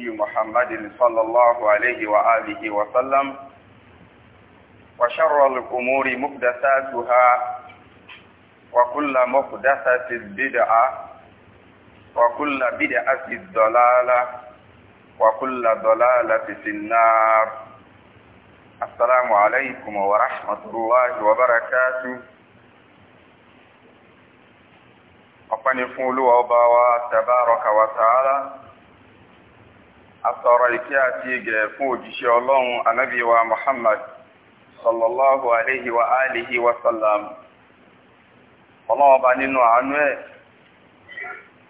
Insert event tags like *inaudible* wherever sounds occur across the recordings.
نبي محمد صلى الله عليه وآله وسلم وشر الأمور محدثاتها وكل محدثة بدعة وكل بدعة ضلالة وكل ضلالة في النار السلام عليكم ورحمة الله وبركاته أقني فولو وباوا تبارك وتعالى àtọ̀rọ̀ ìkẹ́ àti ìgẹ̀ fún òjíṣẹ́ ọlọ́run anábíwa muhammad sallallahu alaihi wa alihi wa sallam ọlọ́ọba nínú àánú ẹ̀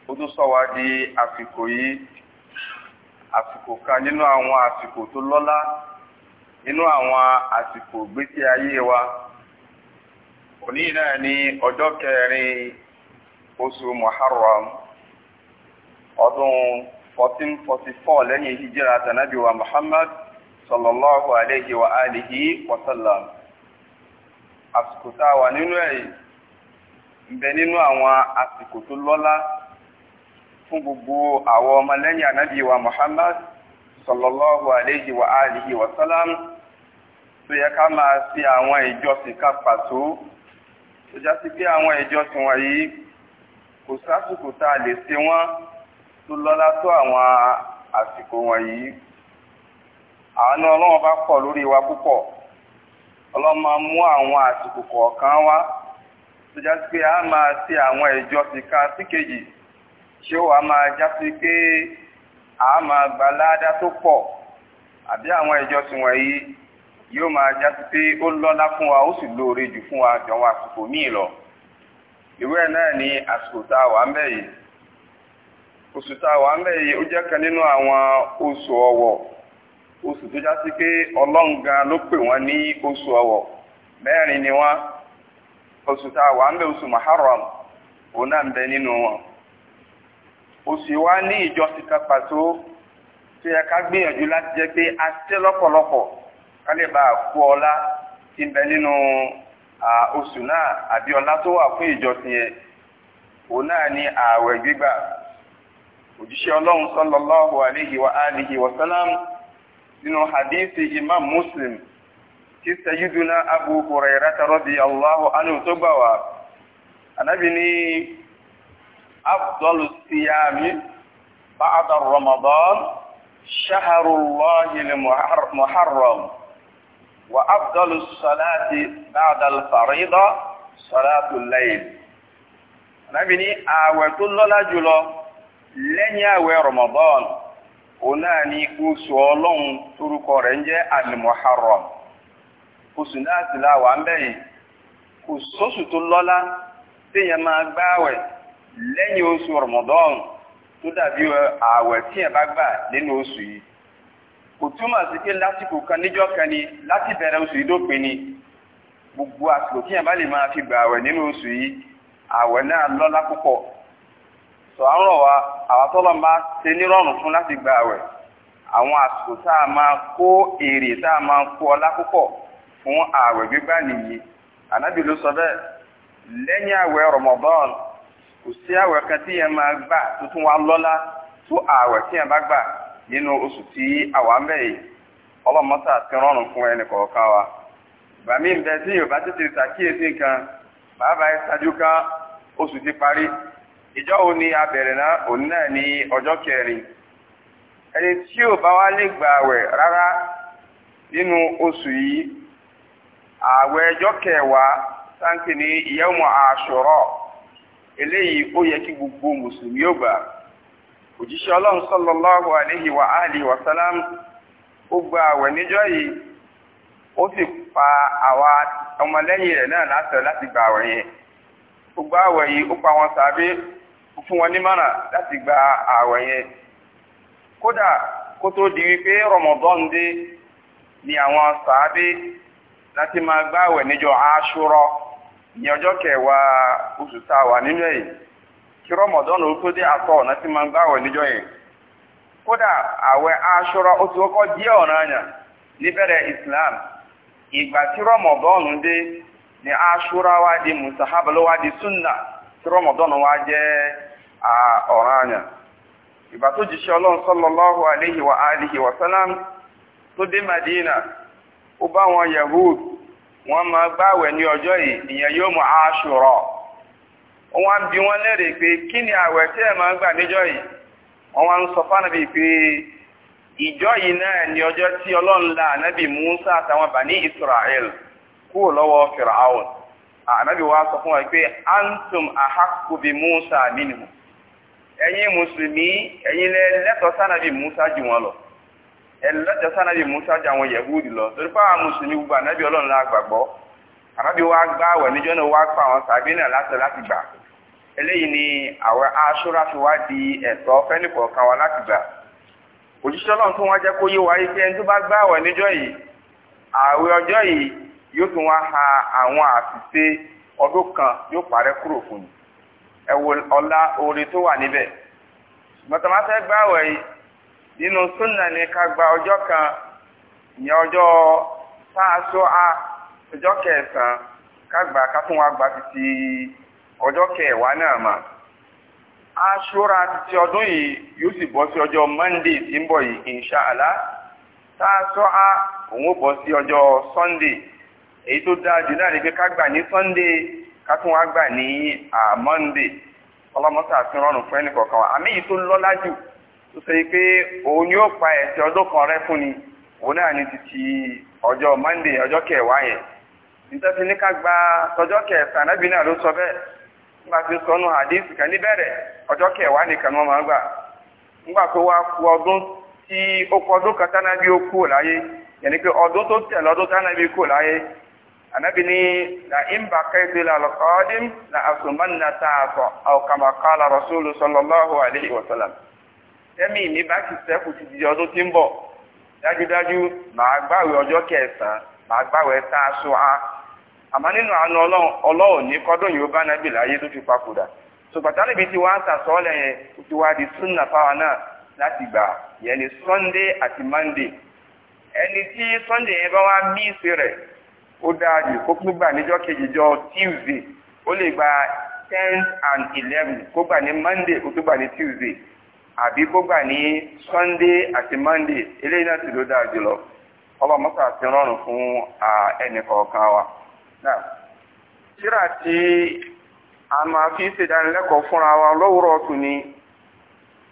ó tún sọ wá di àsìkò yìí àsìkò kan nínú àwọn àsìkò tó lọ́lá nínú àwọn àsìkò gbésí ayé wa òní náà ní ọjọ́ kẹrin oṣù muharram ọdún 2023 1444 lẹ́yìn hijira tànàbí wa Muhammad sallallahu alayhi wa alihi wa sallam àsìkò tá a wà nínú ẹ̀ ń bẹ nínú àwọn àsìkò tó lọ́lá fún gbogbo àwọn Malenya ànábì wa Muhammad sallallahu alayhi wa alihi wa sallam tó yẹ ká máa sí àwọn ìjọsìn ká pàtó tó já sí pé àwọn ìjọsìn wọ̀nyí kò sásìkò tá a lè tó lọ́lá tó àwọn àsìkò wọ̀nyí àánú ọlọ́run bá pọ̀ lórí wa púpọ̀ ọlọ́run mú àwọn àsìkò kọ̀ọ̀kan wá tó jásí pé a máa ṣe àwọn ìjọ síka síkejì ṣé wà máa pé a máa gba ládá tó pọ̀ àbí àwọn wọ̀nyí yóò máa pé ó lọ́lá fún wa fún wa jọ̀wọ́ àsìkò lọ ìwé náà ní àsìkò tá a wà ń oṣù tá a wà ń ó jẹ́ kan nínú àwọn oṣù ọwọ̀, oṣù tó já sí pé ọlọ́run ló pè wọ́n ní oṣù ọwọ̀, mẹ́rin ni wọ́n oṣù wà ń oṣù maharam náà ń nínú wọn oṣù wa ní ìjọsìn kan pàtó tó yẹ ká gbìyànjú láti pé a ṣe lọ́pọ̀lọpọ̀ ká lè bá a kú ọlá bẹ nínú oṣù náà àbí ọlá òjíṣẹ́ ọlọ́run sallallahu alayhi wa alihi wa salam nínú hadithi imam muslim tí sayyiduna abu hurairata radiyallahu anhu tó gbà wá anábì ní afdalu siyami ba'da ramadan shaharullahi muharram wa afdalu salati ba'da al-farida salatul layl anábì ní ààwẹ̀ tó lọ́lá jùlọ lẹ́yìn àwẹ̀ Ramadan òun náà ni oṣù ọlọ́run torúkọ rẹ̀ ń jẹ́ al-Muharram oṣù náà sì láwàá ń bẹ̀yìn kò sóṣù tó lọ́lá téèyàn máa gbáwẹ̀ lẹ́yìn oṣù Ramadan tó dàbí ààwẹ̀ tíyàn bá gbà nínú oṣù yìí kò túmọ̀ sí pé lásìkò kan níjọ́ kan ni láti bẹ̀rẹ̀ oṣù yìí dópin ni gbogbo àsìkò tíyàn bá lè máa fi gbà ààwẹ̀ nínú oṣù yìí ààwẹ̀ náà lọ́lá púpọ̀ sọ àwọn wa wá àwọn tọ́lọ́ máa ṣe nírọ̀rùn fún láti gba àwẹ̀ àwọn àsìkò tá a máa kó èrè tá a máa kó ọlá púpọ̀ fún àwẹ̀ gbígbà nìyí ànábì ló sọ bẹ́ẹ̀ lẹ́yìn àwẹ̀ Ramadan kò sí àwẹ̀ kan tí yẹn máa gbà tó tún lọ́lá tó àwẹ̀ tí yẹn bá gbà nínú oṣù tí àwa ń bẹ̀ yìí ti rọrùn fún ẹnì kọ̀ọ̀kan wa bàmí ń bẹ tí yorùbá tètè ṣàkíyèsí nǹkan bàbá ẹ ṣáájú kan oṣù ti parí Ìjọ́ wo ni a bẹ̀rẹ̀ náà òun náà ọjọ́ kẹrin ẹni tí ó bá wá lè gba àwẹ̀ rárá nínú oṣù yìí àwẹ̀ ọjọ́ kẹwàá sáńkì eléyìí ó yẹ kí gbogbo mùsùlùmí ó gbà òjíṣẹ́ ọlọ́run àwẹ̀ yìí ó pa wọn fún wọn nímọ̀nà láti gba ààwẹ̀ yẹn kódà kó tó di wípé Ramadan dé ni àwọn sàábé láti máa gbààwẹ̀ níjọ́ Àṣúrà ní ọjọ́ kẹwàá oṣù tá a wà nínú ẹ̀ kí Ramadan ó tó dé àtọ̀ láti máa gbààwẹ̀ níjọ́ yẹn kódà ààwẹ̀ ó ti kọ́kọ́ níbẹ̀rẹ̀ Islam ìgbà tí Ramadan dé ni Àṣúrà wá di mùsàhábà wá di sunna, tí wá a anya. ìgbà tó jíṣẹ́ ọlọ́run sallallahu alayhi wa alihi wa tó dé Madina ó bá wọn Yahud wọn ma gbáwẹ̀ ní ọjọ́ yìí ìyẹn yóò mú Ashura wọ́n ń bi wọ́n pé kí ni àwẹ̀ tí ẹ̀ máa ń gbà níjọ́ yìí wá ń sọ fánàbí pé yìí náà ni ọjọ́ tí ẹ̀yin musulmi ẹ̀yin lẹ́tọ̀ọ́ sánàbí musa jù wọn lọ ẹ̀lẹ́tọ̀ọ́ sánàbí musa jà wọn yẹ̀húdì lọ torí pé àwọn gbogbo ànábì ọlọ́run la gbàgbọ́ wa gbá àwẹ̀ níjọ́ náà wá pa àwọn sàbí náà láti láti gbà eléyìí ni aṣọ́ra fi wá di ẹ̀tọ́ láti gbà ọlọ́run tó jẹ́ kó yé wa pé ẹni tó bá gbá níjọ́ yìí àwẹ̀ ọjọ́ yìí yóò àwọn ẹ̀wò orí tó wà níbẹ̀ mọ̀tàmátẹ́ gbáwẹ̀ yìí nínú súnà ní ká gba ọjọ́ kan ìyẹn ọjọ́ a ọjọ́ kẹsàn ká gbà ká tún wá gba títí ọjọ́ kẹwàá náà mà aṣúra títí ọdún yìí yóò sì bọ́ sí ọjọ́ monday tí ń bọ̀ yìí inṣàlá a òun ó bọ́ sí ọjọ́ sunday èyí tó dáa jù náà ni sunday kátún wá gbà ní Monday ọlọ́mọ́sá àti rọrùn fún ẹnì kọ̀ọ̀kan àmì tó lọ́lá jù tó ṣe pé òun ni ó pa ẹ̀sẹ̀ ọdún kan rẹ fún ni òun náà ni títí ọjọ́ ọjọ́ kẹwàá yẹn nítorí ní gba tọjọ́ kẹsàn-án náà ló sọ bẹ́ẹ̀ nígbà ni máa gbà nígbà tó wá ku ọdún tí ó kọ ọdún kan ó kú láyé yẹn ni pé ọdún anabi ni na imba kaidu la alqadim na asumanna ta'afa aw kama qala rasul sallallahu alaihi wa sallam temi mi bá ti ṣe kù ti ọdún tin bọ̀ dájú dájú màá gbààwẹ̀ ọjọ́ kẹsàn màá gbààwẹ̀ ta'asua àmọ́ nínú anu Ọlọ́hun Ọlọ́hun ni kodun yo bá nabi láyé tó ti papòdà so patani bi ti wa ta so le yẹn ti wa di sunna fa wa na láti gbà yẹn ni sunday àti monday ẹni tí sunday yẹn bá wá miss rẹ̀ ó dáa jù kó tún gbà níjọ́ kejìjọ́ tuesday ó lè gba ten and eleven kó gbà ní monday kó tún gbà ní tuesday àbí kó gbà ní sunday àti monday eléyìí náà sì ló dáa lọ, ọba mọ́sá ti rọrùn fún ẹnì kọ̀ọ̀kan wa. síra tí a máa fi ṣèdánilẹ́kọ̀ọ́ fúnra wa lówùrọ̀ tún ni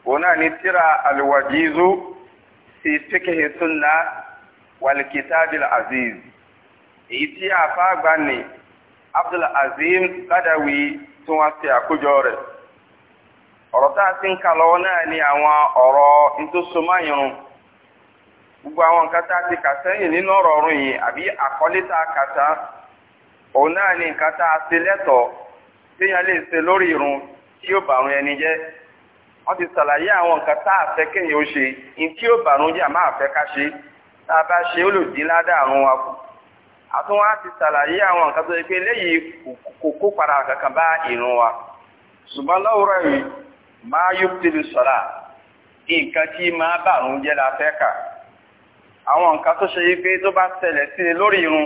òun náà ni síra alwajizu fi fiqhi sunna wal kitabil aziz. èyí tí àfa àgbà ní Abdul Azim Badawi tí wọ́n ṣe àkójọ rẹ̀ ọ̀rọ̀ tá a ti ń kà náà ni àwọn ọ̀rọ̀ ntòsómáyìrún gbogbo àwọn nǹkan tá a ti kà sẹ́yìn nínú ọ̀rọ̀ ọ̀run yìí àbí àkọlé tá a kà sá òun náà ni nǹkan tá a ṣe lẹ́tọ̀ọ́ téèyàn lè ṣe lórí irun tí yóò bàrún ẹni jẹ́ wọ́n ti ṣàlàyé àwọn nǹkan tá a kéèyàn ó ṣe ní tí yóò bàrún ká ṣe tá a bá ṣe ó ládàá àrùn wa kù àtún wá ti ṣàlàyé àwọn nǹkan tó yẹ léyìí kò kó padà kankan bá ìrun wa ṣùgbọ́n lọ́wọ́rọ̀ yìí máa yóò tẹ̀lé sọ̀rà nǹkan tí máa jẹ́ la fẹ́ kà àwọn nǹkan tó ṣe yí tó bá ṣẹlẹ̀ sí i lórí irun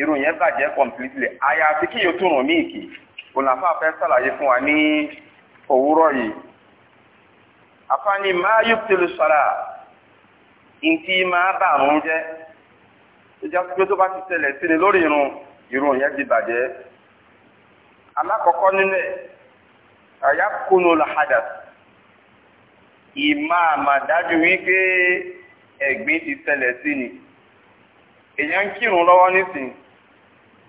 irun yẹn bàjẹ́ completely àyàfi kí yóò tún rùn míì kì fẹ́ fún wa ní òwúrọ̀ yìí ìjà pé tó bá ti ṣẹlẹ̀ sí ni lórí irun irun yẹn ti bàjẹ́ alákọ̀ọ́kọ́ nínú ẹ̀ àyà kúnú làhàdà ìmá àmà dájú wípé ẹ̀gbin ti ṣẹlẹ̀ sí ni èèyàn ń kírun lọ́wọ́ nísìn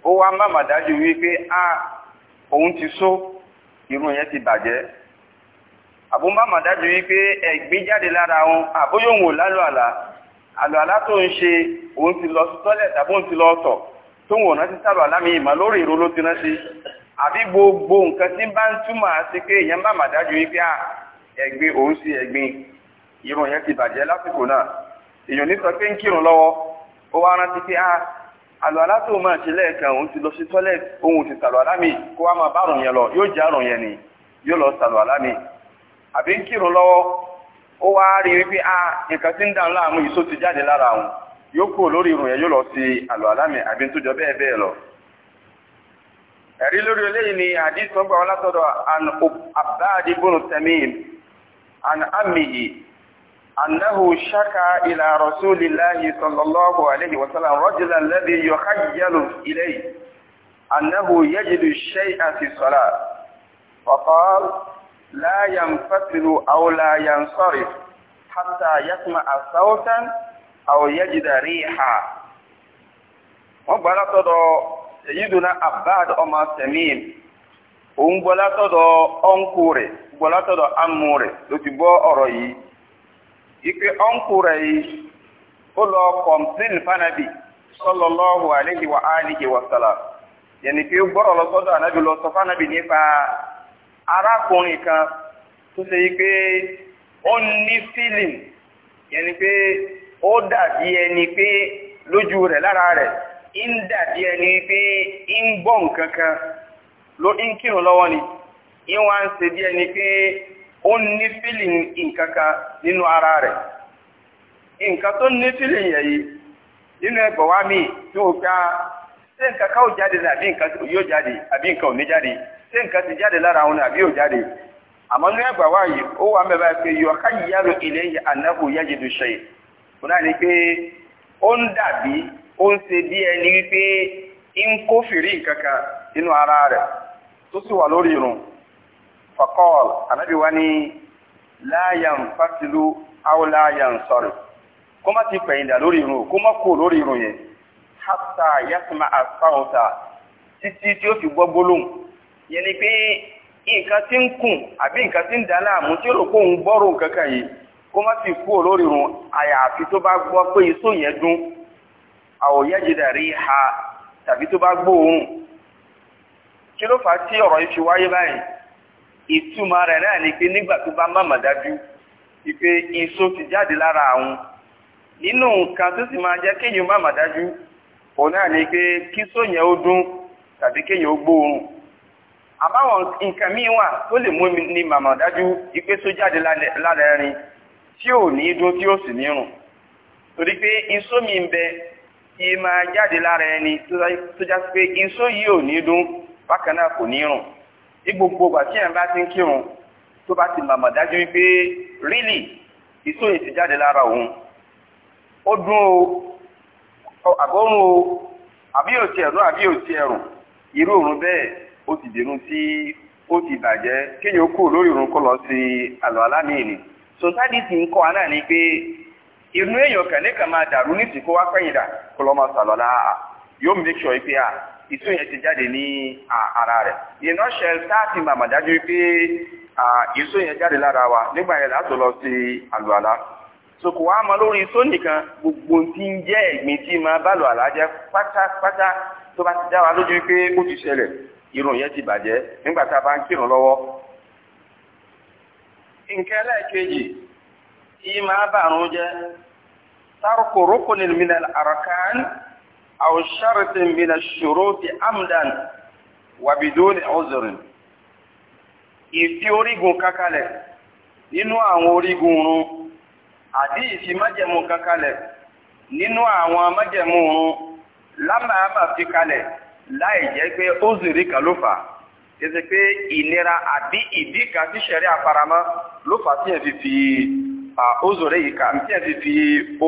ó wá má dájú wípé a òun ti só irun yẹn ti bàjẹ́ àbúmbàmà dájú wípé ẹ̀gbin jáde lára òun àbóyòwò lálọ́ àlá àlùwàlá tó ń ṣe òun ti lọ sí tọ́lẹ̀ tàbí òun ti lọ ọ̀tọ̀ tó ń wọ̀nà ti sábà lámì ìmọ̀ lórí ìró ló ti rántí àbí gbogbo nǹkan tí bá ń túmọ̀ àti pé èèyàn bá mà dájú wípé à ẹ̀gbin òun sí ẹ̀gbin irun yẹn ti bàjẹ́ lásìkò náà èèyàn ní sọ pé ń kírun lọ́wọ́ ó wá rántí pé à àlùwàlá tó máa ṣe lẹ́ẹ̀kan òun ti lọ sí tọ́lẹ̀ òun ti sàlùwàlá mi kó wá máa bá àrùn yẹn lọ yóò já àrùn yẹn ni yóò lọ sàlùwàlá mi àbí ń kírun lọ́wọ́ ó wá rí wípé a ah, nǹkan tí ń dàn láàmú yìí só ti jáde lára àwọn yóò kúrò lórí irun yẹn yóò lọ sí àlọ́ àlámì àbí tó jọ bẹ́ẹ̀ bẹ́ẹ̀ lọ. ẹ̀rí lórí eléyìí ni àdìsí wọn gbà wọn látọ̀dọ̀ an abáàdì bùnú tẹ̀míìm an amìyí annahu shaka ila rasulillahi sallallahu alayhi wa sallam rajulan alladhi yukhayyalu ilayhi annahu yajidu shay'an fi salat faqala لا ينفصل أو لا ينصرف حتى يسمع صوتا أو يجد ريحا wọ́n gbọ́ látọ̀dọ̀ ṣèyídùnà abad ọmọ sẹ̀mìn òun gbọ́ látọ̀dọ̀ ọ̀nkù rẹ̀ gbọ́ látọ̀dọ̀ amú rẹ̀ ló ti gbọ́ ọ̀rọ̀ yìí ipe ọ̀nkù rẹ̀ yi ó lọ fanabi sallallahu alayhi wa alihi wa arákùnrin kan tó ṣe pé ó ní fílìm yẹn ni pé ó dàbí ẹni pé lójú rẹ̀ lára rẹ̀ ń dàbí ẹni pé ń gbọ́ nǹkan kan ló ń kírun lọ́wọ́ ni ìwọ̀n ń ṣe bí ẹni pé ó ní fílìm nǹkan nínú ara rẹ̀ nǹkan tó ní feeling yẹ̀ yìí nínú mi tí ó gbá nǹkan jáde àbí nǹkan yóò jáde àbí nǹkan ò ṣé nǹkan ti jáde lára àwọn àbí ò jáde ní ẹgbà wá yìí ó wà mẹ́bà pé yọ káyíyárò ilé ànáhù yájẹ̀dù ṣe kò náà ni pé ó ń dàbí ó ń ṣe bí ẹni wípé ń kó fìrí nínú ara rẹ̀ tó sì wà lórí irun fakọ́ọ̀l ànábì wá ní láyàn fásilú áwòláyàn kó má ti pẹ̀yìndà lórí irun kó má kú lórí irun yẹn hátà yásùmá àsáwọ̀ta títí tí ó fi gbọ́ gbólóhùn yẹn ni pé nǹkan tí ń kùn àbí nǹkan tí ń dá láàmú tí ó rò pòun gbọ́rò kankan yìí kó má fi kú olórí run àyàfi tó bá gbọ́ pé iṣó yẹn dún àwòyẹ́ jìdà rí ha tàbí tó bá gbóòórùn kí ló fà á tí ọ̀rọ̀ yìí wáyé báyìí ìtumọ̀ rẹ̀ náà ni pé nígbà tó bá má mà ìpè iṣó ti jáde lára àwọn nínú nǹkan tó sì máa jẹ́ kéèyàn má mà òun náà ni pé ó dún tàbí kéèyàn ó àbáwọn nǹkan míì wà tó lè mú ní màmá dájú ipé tó jáde lára ẹrin tí ò ní dún tí ó sì nírùn torí pé iṣó mi ń bẹ kí máa jáde lára ẹni tó já sí pé iṣó yìí ò ní dún bákan náà kò nírùn ní gbogbo ìgbà tí ẹ̀yàn bá ti ń kírun tó bá ti màmá dájú wípé rírì iṣó yìí ti jáde lára òun ó dún o àbórun o àbí òtí ẹ̀rùn àbí òtí ẹ̀rùn irú òrùn bẹ́ẹ̀ ó ti dèrò tí ó ti bàjẹ́ kéèyàn kú lórí lọ sí àlọ́ alámìí sọsáàdì ti ń kọ́ aná ni pé inú èèyàn kẹ̀lẹ́kẹ̀ máa dàrú ní ìsìnkú wá pẹ́yìn kó lọ́ máa sàlọ́ láà ah, yóò make jade pé à ah, yẹn ti jáde ní ah, ara rẹ̀ iná ṣẹl màmá dájú pé yẹn jáde lára wa nígbà yẹn látò lọ sí àlọ́ àlá soko wa gbogbo ń tí máa bá lọ àlá pátápátá tó bá ti dá wa irun yẹn ti bàjẹ́ nígbà tá a bá ń kírun lọ́wọ́. nǹkan ẹlẹ́ẹ̀kejì yìí máa bàrún jẹ́ tárùkù rukunin minal arkan aw shartin minal shuruti amdan wa biduni uzrin. ìfi orígun kankalẹ̀ nínú àwọn orígun run àbí ìfi májẹ̀mú n'inu nínú àwọn májẹ̀mú run lámàá bá fi kalẹ̀. láì jẹ́ pé ó zìrí kan ló fà kí ṣe pé ìnira àbí ìdí kan tí ṣẹ̀rí àfaramọ́ ló fà tí ẹ̀ fi fi òzòrè yìí ká tí ẹ̀ fi fi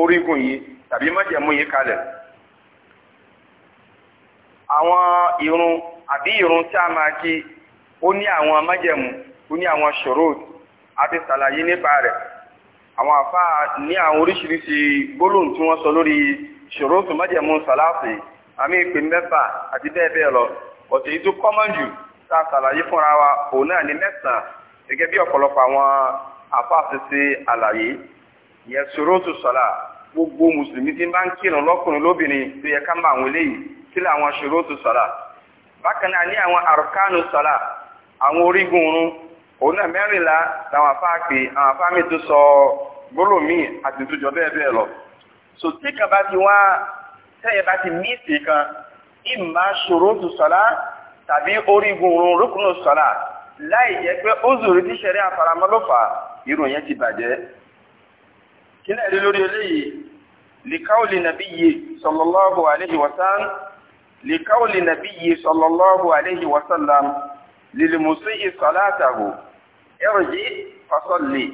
orígun yìí tàbí májẹ̀mú yìí kalẹ̀. àwọn irun àbí irun tí a máa kí ó ní àwọn májẹ̀mú ó ní àwọn ṣòro àti ṣàlàyé nípa rẹ̀ àwọn àfáà ní àwọn oríṣiríṣi gbólóhùn tí wọ́n sọ lórí ṣòro tó májẹ̀mú sàláàfì yìí àmì ìpè mẹ́fà àti bẹ́ẹ̀ bẹ́ẹ̀ lọ ọ̀sẹ̀ yìí tó kọ́mọ̀n jù tá a ṣàlàyé fúnra wa òun náà ní mẹ́sàn-án gẹ́gẹ́ bí ọ̀pọ̀lọpọ̀ àwọn afáàfin ṣe àlàyé ìyẹn ṣòro tó sọ̀la gbogbo mùsùlùmí tí ń bá ń kírun lọ́kùnrin lóbìnrin tó yẹ ká mọ àwọn eléyìí kí làwọn ṣòro tó sọ̀la bákan náà ní àwọn àrùkánù sọ̀la àwọn orígun oorun òun náà mẹ́rìnlá làwọn afáàpè àwọn afáàmì tó sọ gbólómìn àti ìtújọ bẹ́ẹ̀ bẹ́ẹ̀ lọ. sòtí kaba ti wá tẹ́yẹ bá ti míìsì kan ìmá ṣòro tù sọ́lá tàbí orígun òun rúkúnù sọ́lá láì jẹ́ pé ó zùrí tí ṣẹ̀rí àfaramọ́ ló fà irun yẹn ti bàjẹ́ kí náà rí lórí eléyìí lìkáwòlì nàbí yìí sallallahu alayhi wa sallam lìkáwòlì nàbí yìí sallallahu alayhi wa sallam lìlìmùsí ìsọ̀látàhù ẹ̀rọ̀jì fasọ́lì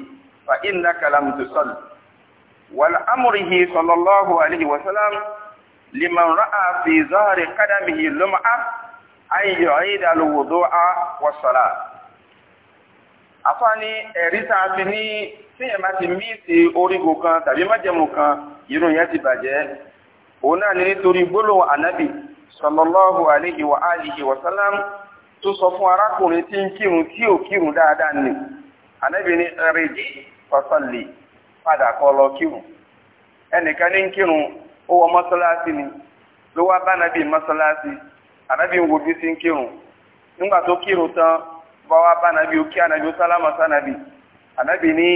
liman ra'a fi zahri qadamihi lum'a an yu'ida al-wudu'a wa salat afani ẹ̀rí tá fi ní tí ẹ máa ti mí sí orígun kan tàbí májẹ̀mú kan irun yẹn ti bàjẹ́ òun náà ni nítorí gbólóhùn ànábì sallallahu alayhi wa alihi wa sallam tó sọ fún arákùnrin tí ń kírun tí ò kírun dáadáa nì ànábì ní rèjì fasalli padà kọ lọ kírun ẹnìkan ní kírun ó masalasi ni ló wá bá nàbí mọ́sálásí ànábì ń wojú sí ń kírun nígbà tó kírun tán bá anabi bá nàbí ó kí ànábì ó sálámà sánàbì ànábì ní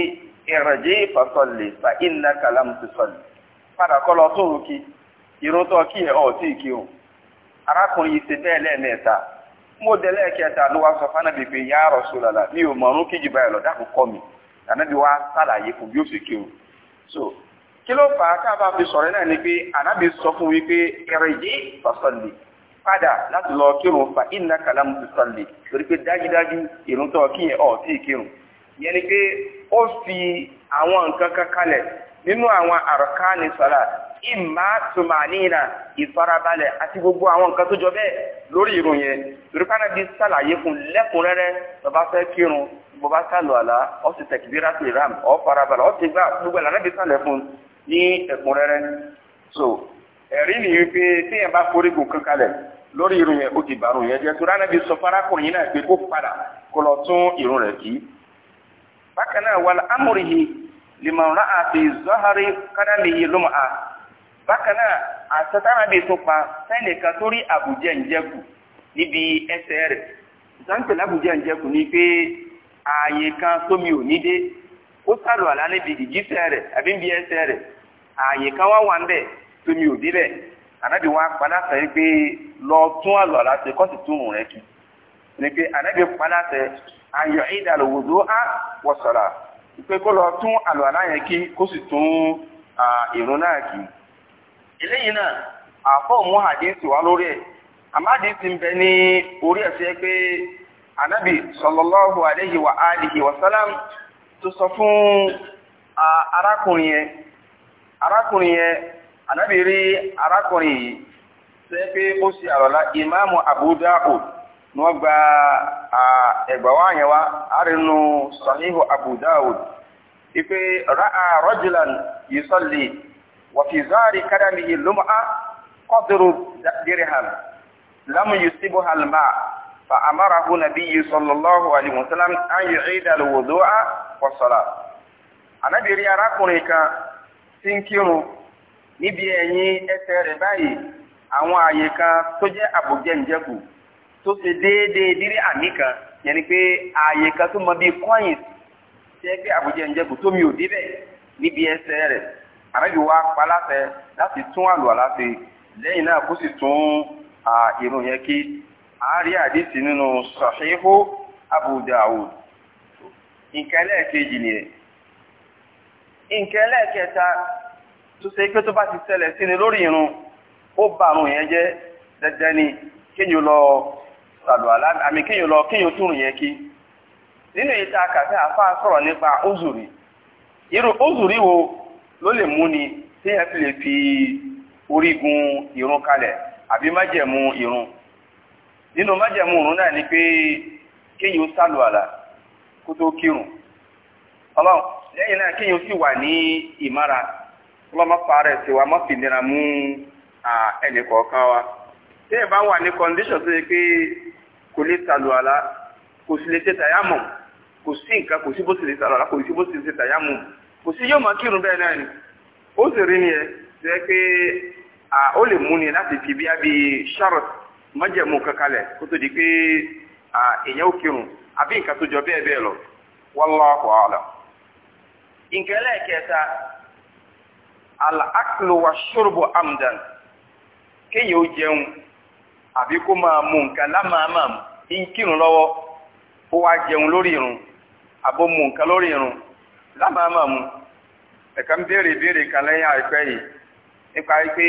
ìrọ̀jì ìfàsọ̀lẹ̀ fà ìnà kàlámù ti sọ̀lẹ̀ padà kọ́ lọ sóòrùn kí irun tó kí ẹ̀ ọ̀ tí ì kírun arákùnrin yìí ṣe bẹ́ẹ̀ lẹ́ẹ̀mẹ́ta mo dẹ̀lẹ́ kẹta ló wá sọ fánàbì pé yá Rasulullah mi ò mọ̀ọ́rún kíjì báyìí lọ dákun kọ́ mi wá sálàyé fún bí ó so kí ló fà á káàbà fi sọ̀rọ̀ náà ni pé ànábì sọ fún wípé ẹ̀rẹ̀jì fasalli padà láti lọ kírun fa iná kàlámù ti sọ̀lì torí pé dájúdájú ìrun tó kí yẹn ọ̀ tí ì kírun yẹn ni pé ó fi àwọn nǹkan kan kalẹ̀ nínú àwọn àrkáni sọ̀là ìmá tùmánìnà ìfarabalẹ̀ àti gbogbo àwọn nǹkan tó jọ bẹ́ẹ̀ lórí ìrun yẹn torí pàdé bí sàlàyé fún lẹ́kùnrẹ́rẹ́ bàbá fẹ́ kírun bàbá sàlù àlá ó sì tẹ̀kìbíra sí farabalẹ̀ ó gbà gbogbo àlànà bí sàlẹ̀ fún ní ẹ̀kúnrẹ́rẹ́ so ẹ̀rí nìyí pé téèyàn bá forígun kankan lẹ̀ lórí irun yẹn ó ti bàrún yẹn jẹ torí anábì sọ farakùnrin náà pé kó padà kó lọ tún irun rẹ̀ kí. bákan náà wàlá amúrihì lèmọ̀ràn àti zọ́hárí kánàmìyí ló mọ̀ á. bákan náà àtẹ̀tàràbì tó pa sẹ́nìkan tó rí àbújá ìjẹ́kù níbi ẹsẹ̀ rẹ̀. ìtàǹtẹ̀lẹ̀ àbújá ìjẹ́kù ni pé ààyè kan sómi ò ní dé ó sàlù àlá níbi ìjísẹ̀ rẹ̀ àbí níbi ẹsẹ̀ rẹ̀ ààyè kan wá wà ń tómi ò débẹ̀ ànábì wọn lọ tún àlọ́ àláṣẹ kọ́sì tún rẹ̀ kí ni pé anabi paláṣẹ ayọ̀ ìdàlọ̀ wòdó á wọ̀sọ̀rà pé kó lọ tún àlọ́ àláyẹn kí kó sì tún ìrun náà kí. eléyìí náà lórí bẹ fún arákùnrin arákùnrin yẹn anábì rí arákùnrin yìí ṣe pé ó ṣe àrọ̀lá ìmáàmù Abu Dawud ni wọ́n gba ẹgbà wá yẹn wá àrínú sahihu Abu Dawud ipe ra'a rajulan yusalli wa fi zari kadamihi lum'a qadru dirham lam yusibha al-ma' fa amarahu nabiyyu sallallahu alaihi wasallam an yu'ida al-wudu'a was-salat anábì rí arákùnrin kan tí ń kírun níbi ẹ̀yìn ẹsẹ̀ rẹ̀ báyìí àwọn àyè kan tó jẹ́ àbòjẹ̀ǹjẹ̀kù tó ṣe déédéé dírí àmì kan yẹn ni pé àyè kan tó mọ bíi kọ́yìn jẹ́ pé àbòjẹ̀ǹjẹ̀kù tó mi ò débẹ̀ níbi ẹsẹ̀ rẹ̀ àbẹ́bí wa pa láṣẹ láti tún àlùwàlá ṣe lẹ́yìn náà kó sì tún ìrun yẹn kí àárí àdìsí nínú Sahihu Abu Dawud nǹkan ẹlẹ́ẹ̀kejì nìyẹn nǹkan ẹlẹ́ẹ̀kẹta tó ṣe pé ti ni lórí irun ó bá àrùn yẹn jẹ́ dandan ni lọ sàlù àmì kéèyàn lọ kéèyàn tún rìn yẹn kí nínú ìta kàfẹ́ àfa sọ̀rọ̀ nípa òzùrì irú wo ló lè mú ni tí ẹ fi lè fi orígun irun kalẹ̀ àbí májẹ̀mú irun nínú májẹ̀mú irun náà ni lẹ́yìn náà kéèyàn sì wà ní ìmára ọlọ́mọ parẹ́ sí wa mọ́ fìdíra mú ẹnì kọ̀ọ̀kan wa téèyàn bá wà ní kọ́ndíṣọ̀n tó yẹ pé kò lè tàlù àlá kò sì lè ṣe tàyámù kò sí nǹkan kò sí bó sì lè tàlù àlá kò sí bó sì lè ṣe tàyámù kò sí yóò máa kírun bẹ́ẹ̀ náà ni ó sì rí ni ẹ tó yẹ pé ó lè mú ni láti fi bíá bíi charlotte májẹ̀mú kankalẹ̀ kó tó di pé èèyàn ó kírun àbí nǹkan tó jọ bẹ́ẹ̀ bẹ́ẹ̀ lọ wallahu a'lam. nkele ẹlẹ́ẹ̀kẹta al-aklu wa shurbu amdan kéèyàn o jẹun àbí kó máa mu nǹkan lámàmàm ń kírun lọ́wọ́ ó wá jẹun lórí irun àbó mu nǹkan lórí irun lámàmàm ẹ̀ka ń béèrè ìbéèrè kan lẹ́yìn àìpẹ́ yìí nípa pé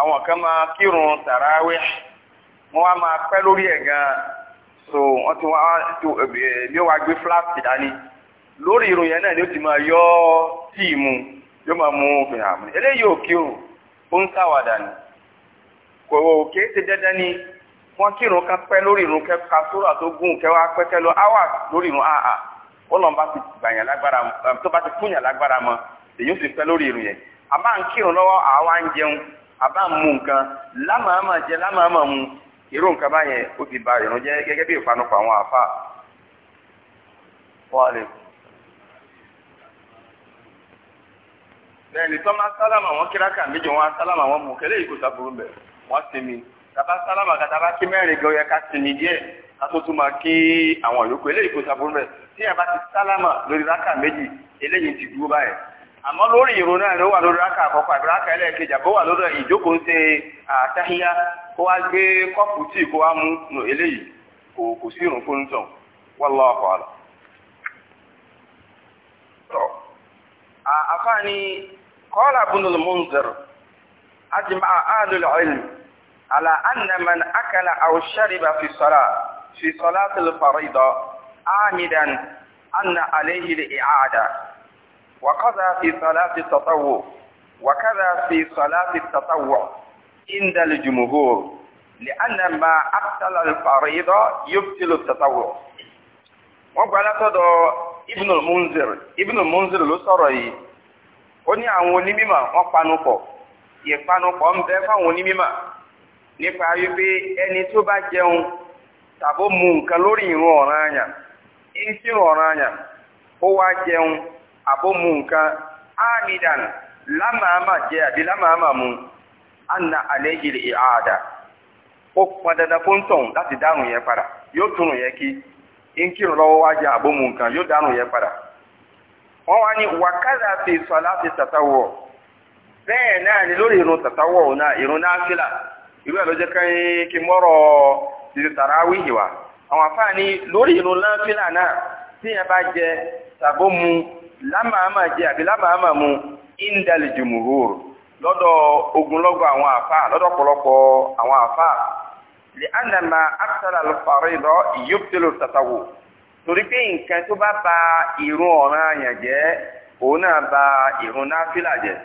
àwọn kan máa kírun tàràwẹ́ wọ́n wá máa pẹ́ lórí ẹ̀ gan-an so wọ́n ti wá eh, gbé dání. lórí ìròyìn náà ni ó ti máa yọ tíì mu yóò máa mú òfin àmì eléyìí òkè o ó ń ṣàwàdà ni kò òkè ti dandan ni wọn kírun ká pẹ lórí ìrun kẹka sóra tó gùn lọ áwà lórí ìrun àà bá ti gbàyàn lágbára tó bá ti mu nǹkan lámàámà jẹ lámàámà mu irú ba bí àwọn lẹ́yìn tó máa sálámà wọn kíráka méjì wọn sálámà wọn mú kẹlẹ́ yìí kò sábúrú bẹ̀ wọ́n sinmi kaba sálámà kàtàbá kí mẹ́rin gan yẹ ká sinmi díẹ̀ ká tó tún kí àwọn yòókù eléyìí kò sábúrú bẹ̀ tí yẹn bá lórí ráka méjì wà lórí ráka àkọ́kọ́ قال ابن المنذر أجمع أهل العلم على أن من أكل أو شرب في صلاة في صلاة الفريضة عامدا أن عليه الإعادة وكذا في صلاة التطوع وكذا في صلاة التطوع عند الجمهور لأن ما أبطل الفريضة يبطل التطوع وقال ابن المنذر ابن المنذر لو ó ní àwọn onímọ̀ wọ́n panupọ̀ ìpanupọ̀ ń bẹ fáwọn onímọ̀ nípa wípé ẹni tó bá jẹun tàbó mu nǹkan lórí ìrun ọ̀ràn àyàn ìsìn ọ̀ràn àyàn ó wá jẹun àbó mu nǹkan ámìdàn lámàámà jẹ àbí lámàámà mu anna àlẹ́yìí ìhàdà ó pọn dandan fún tọ̀hún láti dárùn yẹn padà yóò túnrùn yẹn kí ń kírun lọ́wọ́ wá àbó mu nǹkan yóò dárùn yẹn padà wọ́n wá ní wàkàdà fi salati tàtàwọ̀ bẹ́ẹ̀ náà ni lórí ìrùn tàtàwọ̀ náà ìrun náfìlà irú ẹ̀ ló jẹ́ kí mọ́rọ̀ títí tàràwí ìwà àwọn afáà ní lórí ìrun náfìlà náà tí bá jẹ tàbó mu lámàámà jẹ àbí lámàámà mu lọ́dọ̀ ogunlọ́gọ̀ àwọn lọ́dọ̀ pọ̀lọpọ̀ àwọn torí pé nǹkan tó bá ba ìrun ọ̀ràn àyàn jẹ́ òun ba irun náfìlà jẹ́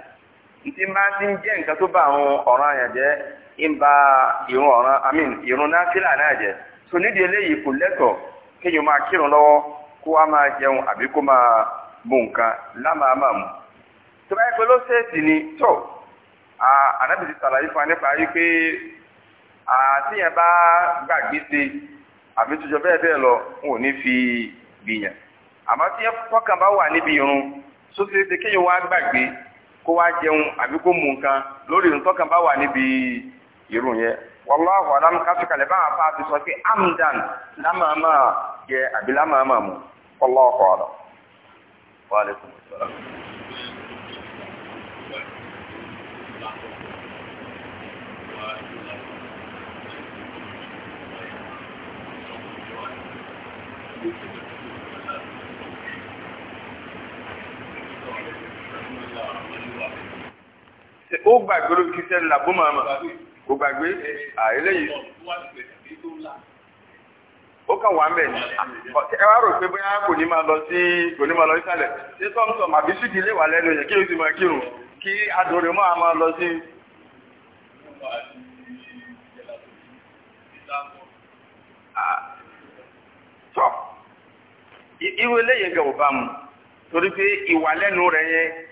ntí bá ti ń jẹ́ nǹkan tó ba ìrun ọ̀ràn àyàn jẹ́ ń ba ìrun ọ̀ràn àmì ìrun náfìlà náà jẹ́ so nídìí eléyìí kò lẹ́tọ̀ọ́ kéèyàn máa kírun lọ́wọ́ kó wá máa jẹun àbí kó máa bu nǹkan lámàámàmù tó bá yẹ pé ni tó ànábìsí sàlàyé fún wa nípa àbí tó bẹ́ẹ̀ bẹ́ẹ̀ lọ wọn ò ní fi gbìyàn àmọ́ tí yẹn bá wà níbi irun tó kéèyàn wá gbàgbé kó wá jẹun àbí kó mu nǹkan lórí irun bá wà níbi irun yẹn wàláhùn bá sọ pé amdan lámàmà jẹ àbí lámàmà wàláhùn ó gbàgbé ló fi sẹ́nu làbó màmá kò gbàgbé àìlẹ́yìn ó kàn wá mẹ́ ní ẹ wá rò pé bóyá kò ní máa lọ sí kò ní máa lọ sísàlẹ̀ ṣé tọ́mùtọ̀mù àbí sídìí lè wà lẹ́nu yẹn kí o sì máa kírun kí adùn rẹ̀ máa máa lọ sí. tọ́ irú eléyìí gẹ̀ ò bá mu torí pé ìwà lẹ́nu rẹ̀ yẹn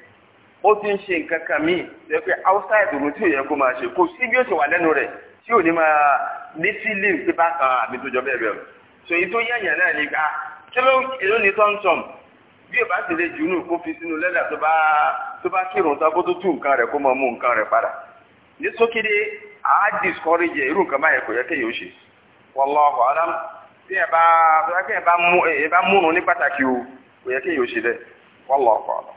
ó ti ń ṣe nǹkan kan míì ṣe pé outside òun tí ò yẹ kó máa ṣe kò sí bí ó ṣe wà lẹ́nu rẹ̀ tí ò ní máa ní tó jọ so èyí tó náà ká ló èló tọ́ntọ́n bí ti lè jùnú kó fi sínú lẹ́dà tó bá tó bá kírun tán kó tó tú nǹkan rẹ̀ kó mú nǹkan rẹ̀ padà ní á discourage irú nǹkan báyẹn kò yẹ ó ṣe bí ẹ o kò yẹ ó ṣe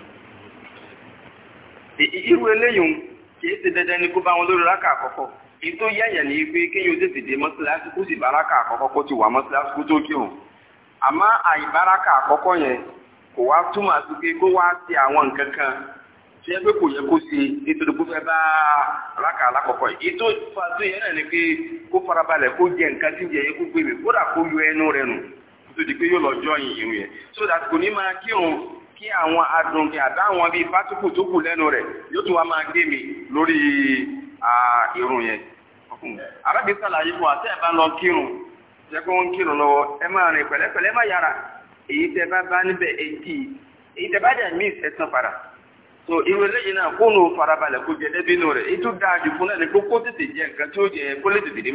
irú eléyìí kìí ṣe dandan ni kó bá wọn lórí rákà àkọ́kọ́ èyí tó yẹ̀yẹ̀ ní pé kéèyàn tètè dé mọ́sálásí kó sì báraka àkọ́kọ́ kó ti wà mọ́sálásí kó tó kírun àmọ́ àìbáraka àkọ́kọ́ yẹn kò wá túmọ̀ sí pé kó wá ṣe àwọn nǹkan kan tí ẹ pé kò yẹ kó ṣe nítorí kó fẹ́ bá rákà alákọ̀ọ́kọ́ yìí èyí tó fa tó yẹ náà ni pé kó farabalẹ̀ kó jẹ nǹkan tí ń jẹ yẹ kó gbé mi kódà kó yọ ẹnu rẹ nù tó di pé yóò lọ jọyìn ìrun yẹn so that kò ní máa kírun kí àwọn adùnkìn àtàwọn bíi pátíkù tó kù lẹ́nu rẹ̀ yóò tún wá máa gé mi lórí irun yẹn. arábí sàlàyé fún wa ẹ̀bá lọ kírun jẹ́ kó ń kírun ẹ máa rìn pẹ̀lẹ́pẹ̀lẹ́ má yára èyí bá bá níbẹ̀ etí èyí bá dẹ̀ mí ẹ̀sán so náà kó nu farabalẹ̀ kó jẹ rẹ̀ ètò fún ẹni kó tètè jẹ nǹkan jẹ kó lè tètè dé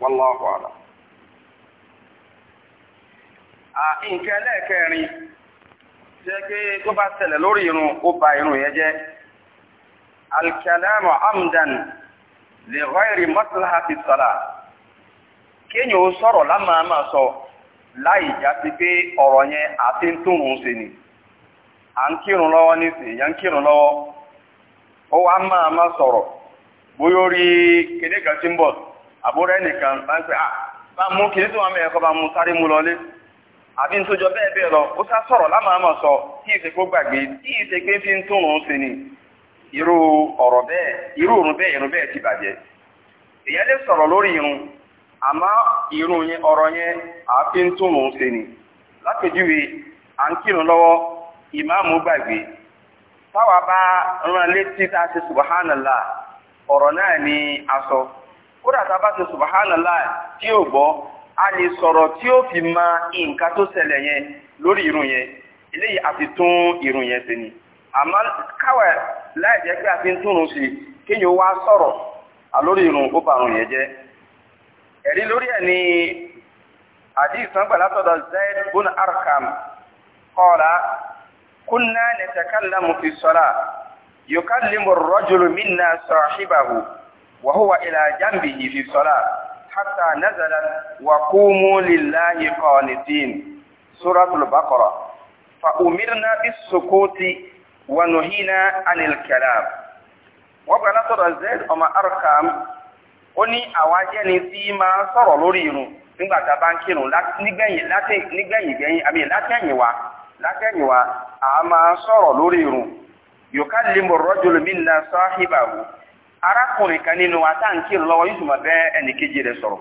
kó dé nǹkan ẹlẹ́ẹ̀kẹrin jẹ́ pé tó bá ṣẹlẹ̀ lórí irun ó ba irun yẹ jẹ́ alkalamu amdan li maslahati salah kéèyàn ó sọ̀rọ̀ sọ láì já pé ọ̀rọ̀ yẹn àti ni à ń kírun lọ́wọ́ nísìnyí ìyá ń kírun lọ́wọ́ ó wá máa sọ̀rọ̀ bóyá ó tí ń bọ̀ àbúrò àbí ntójọ bẹ́ẹ̀ bẹ́ẹ̀ lọ ó sá sọ̀rọ̀ lámàámọ̀ sọ tí ìṣe kó gbàgbé tí ìṣe pé fi ń tún òun sí ni irú ọ̀rọ̀ bẹ́ẹ̀ irú òrùn bẹ́ẹ̀ irun bẹ́ẹ̀ ti bàjẹ́ èyàn lè sọ̀rọ̀ lórí irun àmọ́ irun yẹn ọ̀rọ̀ yẹn àfi ń tún òun sí ni lápèjúwe à ń kírun lọ́wọ́ ìmáàmù gbàgbé táwa bá rán létí tá a ṣe subhanallah ọ̀rọ̀ náà ni a sọ kódà tá a bá ṣe subhanallah tí ò gbọ́ a lè sọ̀rọ̀ tí ó fi ma nǹkan tó ṣẹlẹ̀ yẹn lórí irun yẹn eléyìí a fi tún irun yẹn sí ni àmọ́ káwẹ̀ láì jẹ́ pé a fi ń túnrun sí kéèyàn wá sọ̀rọ̀ àlórí irun ó bàrùn yẹn jẹ́ ẹ̀rí lórí ẹ̀ ni حديث نقل أسد زيد بن أركم قال كنا نتكلم في الصلاة يكلم الرجل منا صاحبه وهو إلى جنبه في الصلاة hatta nazalat wa qumu lillahi qanitin suratul baqara fa umirna bis sukuti wa nuhina anil kalam wa qala sura zaid ọmọ arkam ó ní àwa jẹ́ni tí máa sọ̀rọ̀ lórí irun nígbà tá a bá ń kírun nígbẹ̀yìn gbẹ̀yìn àbí látẹ̀yìn wa látẹ̀yìn wa a máa sọ̀rọ̀ lórí irun yukallimu rajulu minna sahibahu arákùnrin kan nínú wa lọ́wọ́ yóò tún máa bẹ́ ẹnì rẹ̀ sọ̀rọ̀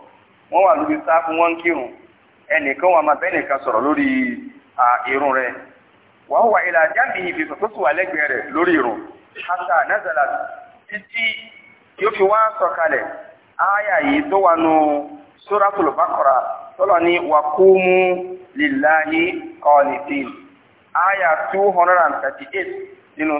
wọ́n wà lórí sáfù wọ́n ń kírun ẹnìkan wà máa bẹ́ ẹnìkan sọ̀rọ̀ lórí irun rẹ̀ wà ó wà ilà jáde ibi lori wà lẹ́gbẹ̀ẹ́ rẹ̀ lórí hasa nazala títí yóò fi wá sọ̀kalẹ̀ ááyà yìí tó wà nù suratul baqara tọ́lọ̀ ní wà qumu lillahi two hundred and thirty eight nínú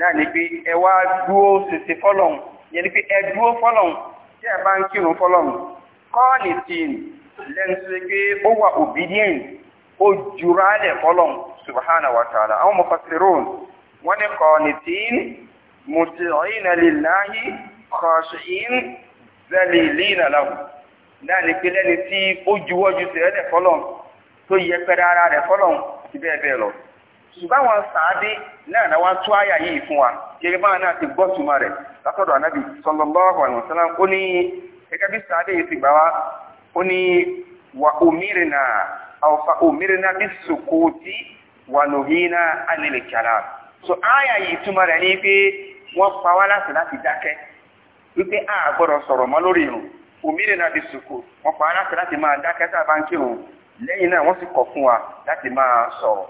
náà ni pé ẹ wá dúó sèse fọ́lọ̀hún yẹn ni pé ẹ dúó fọ́lọ̀hún tí ẹ bá ń kírun fọ́lọ̀hún kọ́ọ̀nì tìǹ lẹ́nu tó pé ó wà obedient ó jura lẹ̀ fọ́lọ̀hún subhanahu wa ta'ala àwọn mufassirun wọ́n ní kọ́ọ̀nì tìǹ muti'ina lillahi khashi'in zalilina lahu náà ni pé lẹ́ni tí ó juwọ́jú sẹ́lẹ̀ fọ́lọ̀hún tó yẹpẹrẹ ara rẹ̀ fọ́lọ̀hún ti bẹ́ẹ̀ bẹ́ẹ̀ lọ ṣùgbọ́n àwọn sàádé náà na wá àyà yìí fún wa náà ti gbọ́ túmọ̀ rẹ̀ látọ̀dọ̀ ànábì sallallahu alaihi ọhụrụ ó onye so àyà wọ́n pa wá láti láti dákẹ́ wípé a gbọ́dọ̀ sọ̀rọ̀ mọ́ lórí wọ́n pa láti láti máa dákẹ́ fún wa láti máa sọ̀rọ̀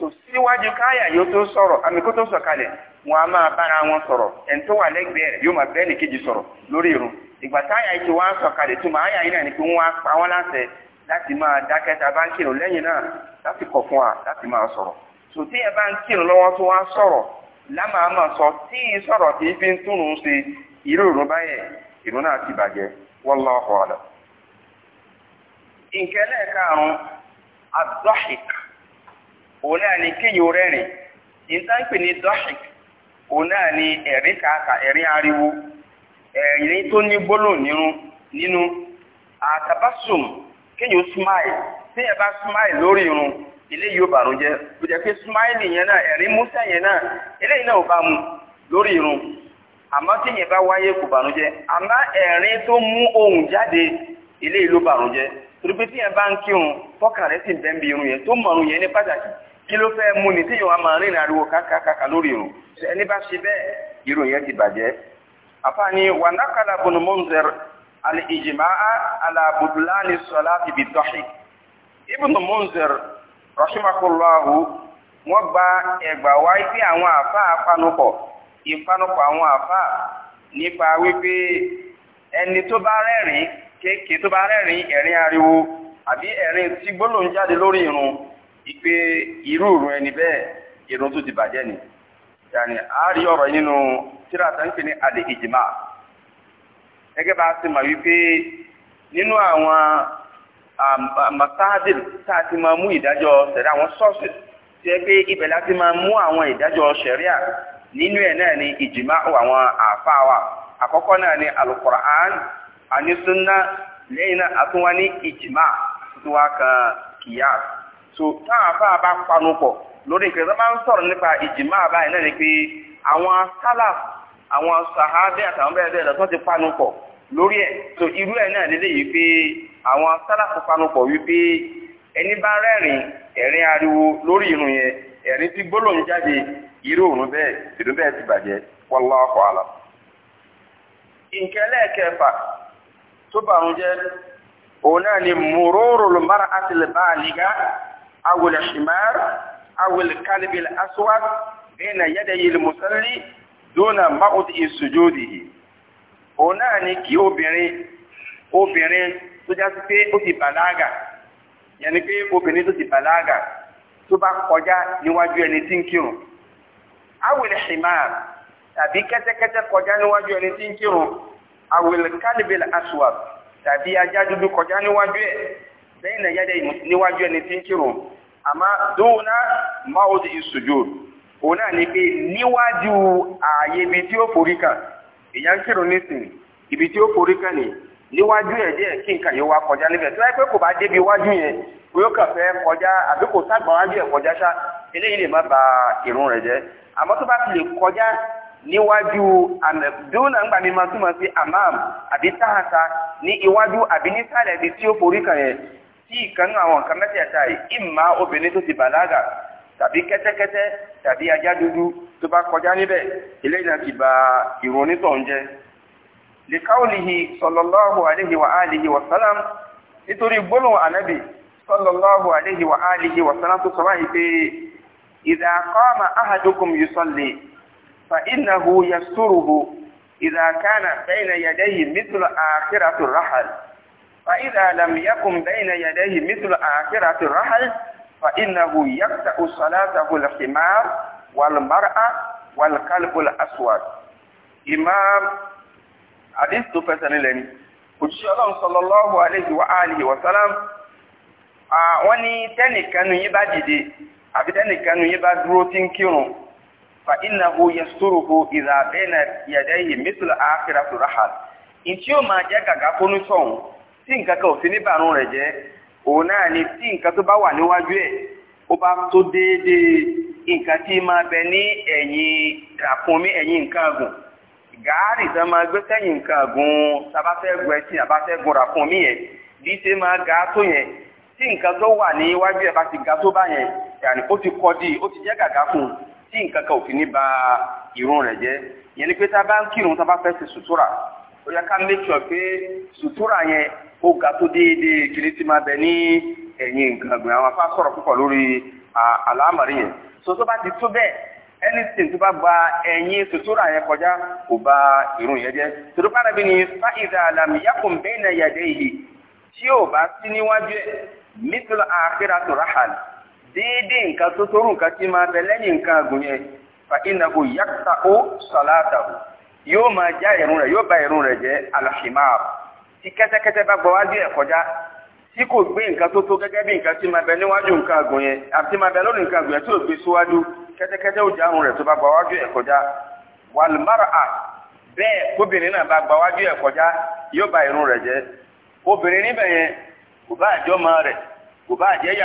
so síwájú káyà yóò tó sọ̀rọ̀ àmì kó tó sọ̀kalẹ̀ wọn a máa bára wọn sọ̀rọ̀ ẹni tó wà lẹ́gbẹ̀ẹ́ rẹ̀ yóò máa bẹ́ẹ̀ ní kejì sọ̀rọ̀ lórí irun ìgbà táyà yìí ti wá sọ̀kalẹ̀ tó máa yà ni pé wọ́n á pa wọ́n láṣẹ láti máa dákẹ́ tá a bá ń kírun lẹ́yìn náà láti kọ̀ fún wa láti máa sọ̀rọ̀ so tí ẹ bá ń kírun lọ́wọ́ tó wá sọ̀rọ̀ lámàámà òun náà ni kíyìn rẹ́rìn ìtànkì ní dọ́ṣìk òun náà ni ẹ̀rín kàkà ẹ̀rín ariwo ẹ̀rín tó ní gbólóhùn nínú àtàbásùm kíyìn smile tí ẹ bá smile lórí irun ilé yóò bàrún jẹ́ kò jẹ́ pé smile yẹn náà ẹ̀rín músẹ́ yẹn náà ilé mu lórí irun àmọ́ tí yẹn bá wáyé kò bàrún jẹ́ àmọ́ tó mú ohùn jáde ilé yìí bàrún jẹ́ torí tí yẹn bá ń kírun bẹ́ẹ̀ bí irun yẹn tó mọ̀rún yẹn ní pàtàkì kí ló fẹ́ mú ni tí yóò máa rìn ariwo kákàkàkà lórí irun ẹni bá ṣe bẹ́ẹ̀ irun yẹn ti bàjẹ́ àfààní wànákàlà bùnú mọ́nzẹ̀r alìjìmá alàbùdùláni sọlá ti bì tọ́ṣì ibùnú mọ́nzẹ̀r rọ́ṣímàkúláhù wọ́n gba ẹ̀gbà wá pé àwọn àfáà panupọ̀ ìpanupọ̀ àwọn àfáà nípa wípé ẹni tó bá rẹ́rìn kéèké tó bá rẹ́rìn ẹ̀rín ariwo àbí ẹ̀rín tí gbólóhùn jáde lórí irun ìpé irú ìrun ẹni bẹ́ẹ̀ ìrun tó ti bàjẹ́ ni yàní àárí ọ̀rọ̀ nínú tíra ń pè ní àlè ìjìmá gẹ́gẹ́ bá ti mọ̀ wípé nínú àwọn masáàdìr tá a ti máa mú ìdájọ́ sẹ̀rí àwọn sọ́ọ̀sì tí ẹ pé ibẹ̀ láti máa mú àwọn ìdájọ́ sẹ̀ríà nínú ẹ̀ náà ni ìjìmá àwọn àáfàá wa àkọ́kọ́ náà ni alukur'an lẹ́yìn náà ní ìjìmá tó wá kan so táwọn afá bá panu lórí ìpè tó ń sọ̀rọ̀ nípa ìjìmá àbáyé náà ni pé àwọn sálàf àwọn sàhábé àtàwọn bẹ́ẹ̀ ti pọ̀ lórí ẹ̀ so irú ẹ̀ náà lédè yìí pé àwọn sálàf panu pọ̀ wípé ẹni bá rẹ́rìn ẹ̀rín ariwo lórí irun yẹn ẹ̀rín gbólóhùn jáde irú òrùn ti أو الحمار أو الكلب الأسود بين يدي المصلي دون موضع سجوده òun náà ni kí obìnrin obìnrin tó já sí pé ó ti bàlágà yẹn ni pé obìnrin tó ti bàlágà tó bá kọjá níwájú ẹni tí ń kírun awil himar tàbí kẹ́tẹ́kẹ́tẹ́ kọjá níwájú ẹni tí ń kírun awil kalibil aswab tàbí ajá dúdú kọjá níwájú ẹ̀ lẹ́yìn náà yáde níwájú ẹni tí ń kírun àmọ́ dóòlà máwòdì ìsòjò òun ni pé niwaju ibi tí ó forí kàn ibi tí ó forí n'iwaju ní dị ẹ̀ díẹ̀ kí nǹkan yóò kọjá níbẹ̀ tí wáyé pé kò bá débi iwájú yẹn kọjá kọjá sa ba ìrun rẹ̀ jẹ́ ti kọjá n'iwaju amam ibi sí ìkan nínú àwọn nǹkan mẹ́tẹ̀ẹ̀ta yìí ìmọ̀ obìnrin tó ti bàlágà tàbí kẹ́tẹ́kẹ́tẹ́ tàbí ajá dúdú tó bá kọjá níbẹ̀ eléyìí náà ti ba ìrun onítọ̀hún jẹ́. lìkáwùlìhì sallallahu alayhi wa alihi wa sallam nítorí gbólóhùn ànábì sallallahu alayhi wa alihi wa sallam tó sọ báyìí pé idha qama ahadukum yusalli fa innahu yasturuhu idha kana bayna yadayhi mithlu akhiratu rahal. فإذا لم يكن بين يديه مثل آخرة الرحل فإنه يقطع صلاته الحمار والمرأة والكلب الأسود Imam Hadith tó fẹsẹ̀ nílẹ̀ ni òjíṣẹ́ Ọlọ́run sallallahu alayhi wa alihi wa sallam wọ́n ní tẹ́nìkan nu yín bá dìde àbí tẹ́nìkan nu yín bá dúró tí ń kírun fa innahu yasturuhu idha bayna yadayhi mithlu akhirati rahal ìtí ó máa jẹ́ gàgà fónú sọ̀hún tí nǹkan kan ò sí ní rẹ̀ jẹ́ òun náà ni tí nǹkan tó bá wà níwájú ẹ̀ ó bá tó déédéé nǹkan tí máa bẹ ní ẹ̀yìn ràkúnmí ẹ̀yìn nǹkan àgùn gàárì tó máa gbé sẹ́yìn nǹkan àgùn tabafẹ́gun ẹ̀sìn àbáfẹ́gun ràkúnmí yẹn bí ṣe máa ga tó yẹn tí nǹkan tó wà níwájú ẹ̀ bá ti ga tó bá yẹn yàní ó ti kọ́ di ó ti jẹ́ gàgá fún tí nǹkan kan ò fi ní ba O yẹ ká make sure pé sutura yẹn ó ga tó déédéé kiri tí máa bẹ ní ẹ̀yìn nǹkan ọ̀gbìn àwọn afá sọ̀rọ̀ púpọ̀ lórí àlámọ̀rí yẹn so bá ti tó bẹ́ẹ̀ anything tó bá gba ẹ̀yìn sutura yẹn kọjá kò bà irun yẹn jẹ́ tòdúpá rẹ̀ bí ni fáìdà àlàmìyàkùn bẹ́ẹ̀ náà yàjẹ́ yìí tí ò bá sí níwájú ẹ̀ mísìlọ àkírà tó ráhàn déédéé nǹkan tó torú nǹkan tí máa bẹ lẹ́yìn nǹkan àgùn yẹn fa ìnàgò yàtà ó sọ̀lá àtàwọn yóò máa já ìrun rẹ̀ yóò bà ìrun rẹ̀ jẹ́ alhimar tí kẹ́tẹ́kẹ́tẹ́ bá gbọ́ wájú ẹ̀ kọjá tí kò gbé nǹkan tó tó gẹ́gẹ́ bí nǹkan tí máa bẹ níwájú nǹkan àgùn yẹn àti tí máa bẹ lórí nǹkan àgùn yẹn tí ò gbé síwájú kẹ́tẹ́kẹ́tẹ́ ò já ìrun rẹ̀ tó bá gbọ́ wájú ẹ̀ kọjá walmara bẹ́ẹ̀ kóbìnrin náà bá gbọ́ wájú ẹ̀ kọjá yóò bà ìrun rẹ̀ jẹ́ obìnrin níbẹ̀ yẹn kò bá àjọ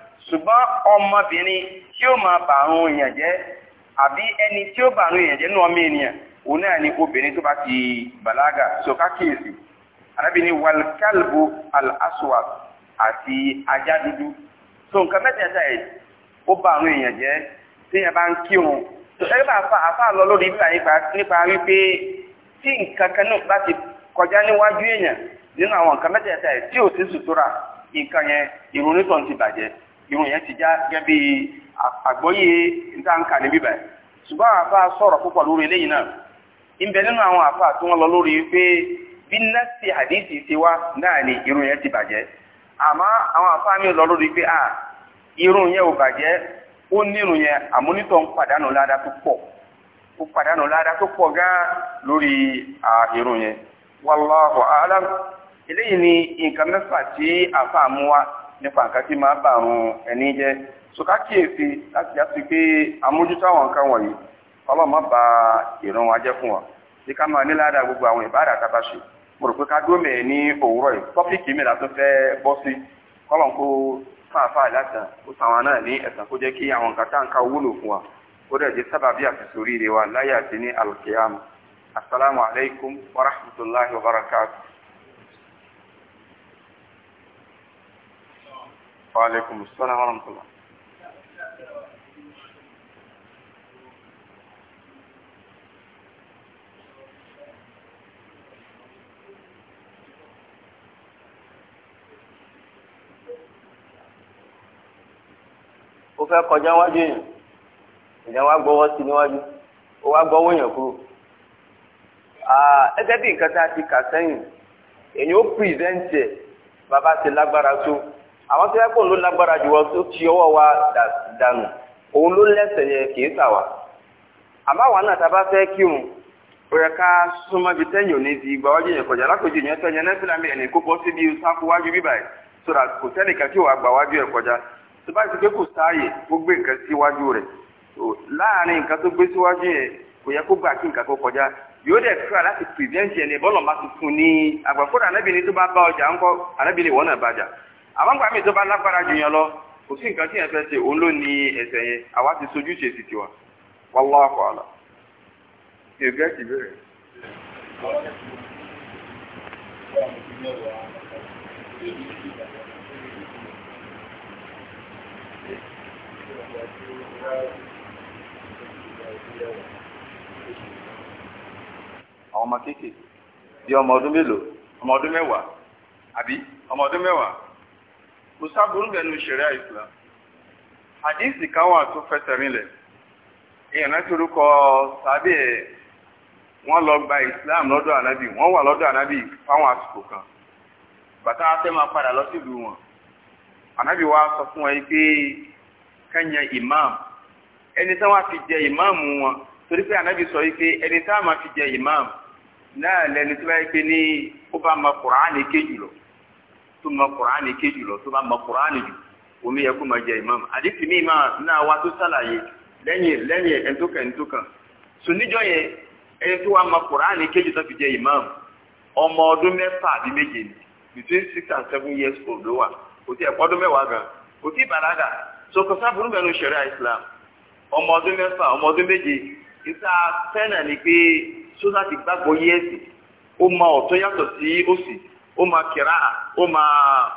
ṣùgbọ́n ọmọbìnrin tí ó máa bàrún èèyàn jẹ́ àbí ẹni tí ó bàrún èèyàn jẹ́ ní ọmọ ènìyàn òun náà ni obìnrin tó bá ti bàlágà so kákìyèsí arábìnrin walkalbu al-aswad àti ajá dúdú so nǹkan mẹ́tẹ̀ẹ̀ta ẹ̀ ó bàrún èèyàn jẹ́ tí èèyàn bá ń kírun ẹgbẹ́ bá fa àfa lọ lórí bíbá nípa wípé tí nǹkan kan náà bá ti kọjá níwájú èèyàn nínú àwọn nǹkan mẹ́tẹ̀ẹ̀ta ẹ̀ tí ò sí sùtúrà nǹkan yẹn ìrònú tó ń ti bàjẹ́ irun yẹn ti já gẹ́ bí àgbọ́yé ìdáǹkà níbí báyìí ṣùgbọ́n àfa sọ̀rọ̀ púpọ̀ lórí eléyìí náà ìbẹ nínú àwọn àfa tí wọ́n lọ lórí pé bí nẹ́ẹ̀sì àdìsí ti wá náà ni irun yẹn ti bàjẹ́ àmọ́ àwọn àfa mi lọ lórí pé ah irun yẹn ò bàjẹ́ ó nírun yẹn àmúnítọ̀ ń pàdánù ládàá tó pọ̀ ó pàdánù ládàá tó pọ̀ gan lórí a'lam wa nípa nǹkan tí máa bàrùn ẹni jẹ́ so ká kíyèsí láti já sí pé amójútó àwọn nǹkan wọ̀nyí ọlọ́mọ bá ìran wa jẹ́ fún wa bí ká máa níláàdá gbogbo àwọn ìbáàdà tá a bá ṣe mo rò pé ká dúró mẹ́ẹ̀ ní òwúrọ̀ yìí tọ́pìkì mìíràn tó fẹ́ bọ́ sí kọ́lọ̀n kó fàáfàá látàn ó sàwọn náà ní ẹ̀sán kó jẹ́ kí àwọn nǹkan tá à ń ká owó lò fún wa ó dẹ̀ jẹ́ sábàbí àfisù oríire wa láyé àti ní alùkìyàmù Wa alaikum assalam wa rahmatullah. ó fẹ́ kọjá wájú èèyàn èèyàn wá gbọ́wọ́ sí níwájú ó wá gbọ́wọ́ èèyàn kúrò ẹgẹ́ bí nǹkan tá a ti kà sẹ́yìn èèyàn ó pìrìsẹ́ǹtì ẹ̀ bàbá ti lágbára tó. àwọn tó yẹ kó ló lágbára jù wọn tó ti ọwọ́ wa dànù òun ló lẹ́sẹ̀ yẹ kì í sà wá àmọ́ àwọn náà tá a bá fẹ́ kírun ó yẹ ká súnmọ́ ibi tẹ́yìn òní di ìgbà wájú yẹn kọjá lápèjì yẹn tó yẹn nẹ́fìlà mi ẹ̀ní kó síbi sáfù wájú bíbà yìí so that kò sẹ́nìkan tí wàá gbà wájú ẹ̀ kọjá tó bá ti pé kò sáàyè kó àmọ́ gbàmí tó bá lágbára jù yàn lọ kò sí nǹkan tí yẹn fẹ́ ṣe òun ló ní ẹsẹ̀ yẹn àwa ti sojú ṣe sì tiwa wallahu a'lam. ìgbẹ́ ti bẹ̀rẹ̀. àwọn ọmọ kéékèèké bí ọmọ ọdún mélòó ọmọ ọdún mẹ́wàá àbí ọmọ ọdún mẹ́wàá kò sábúrú lẹ́nu ìṣẹ̀rẹ́ àìsílá àdíìsì kan wà tó fẹsẹ̀ rinlẹ̀ èèyàn láti orúkọ sábẹ́ ẹ̀ wọ́n lọ gba islam lọ́dọ̀ anabi, wọ́n wà lọ́dọ̀ ànábì fáwọn àsìkò kan bàtà afẹ́ máa padà lọ sílùú wọn ànábì wa sọ fún wọn pé kẹ́yìn imam ẹni tí wọ́n fi jẹ imam wọn torí pé anabi sọ pé ẹni tí wọ́n fi jẹ imam náà lẹni tí wọ́n yẹ pé ní ó bá ma Kùránì ké jùlọ tó mọ kùránì ké jùlọ tó bá mọ kùránì jù omi yẹ kó máa jẹ ìmáàmù àdìsí mi máa náà wá tó sàlàyé lẹ́yìn lẹ́yìn ẹ̀ńtókàn ẹ̀ńtókàn so níjọ́ yẹn ẹni tó wá mọ kùránì ké jù tó fi jẹ ìmáàmù ọmọ ọdún mẹ́fà between six and seven years old ló wà kò tí ẹ̀kọ́ ọdún mẹ́wàá gan kò tí ìbàlágà so kò sáfúrú mẹ́nu ṣẹ̀ríà Islam ọmọ ọdún mẹ́fà ọmọ ọdún méje ìta fẹ́nà ni pé sódà ti gbàgbọ́ yẹ́sì ó mọ ọ̀tún yàtọ̀ sí òsì ó a, kìrá ó máa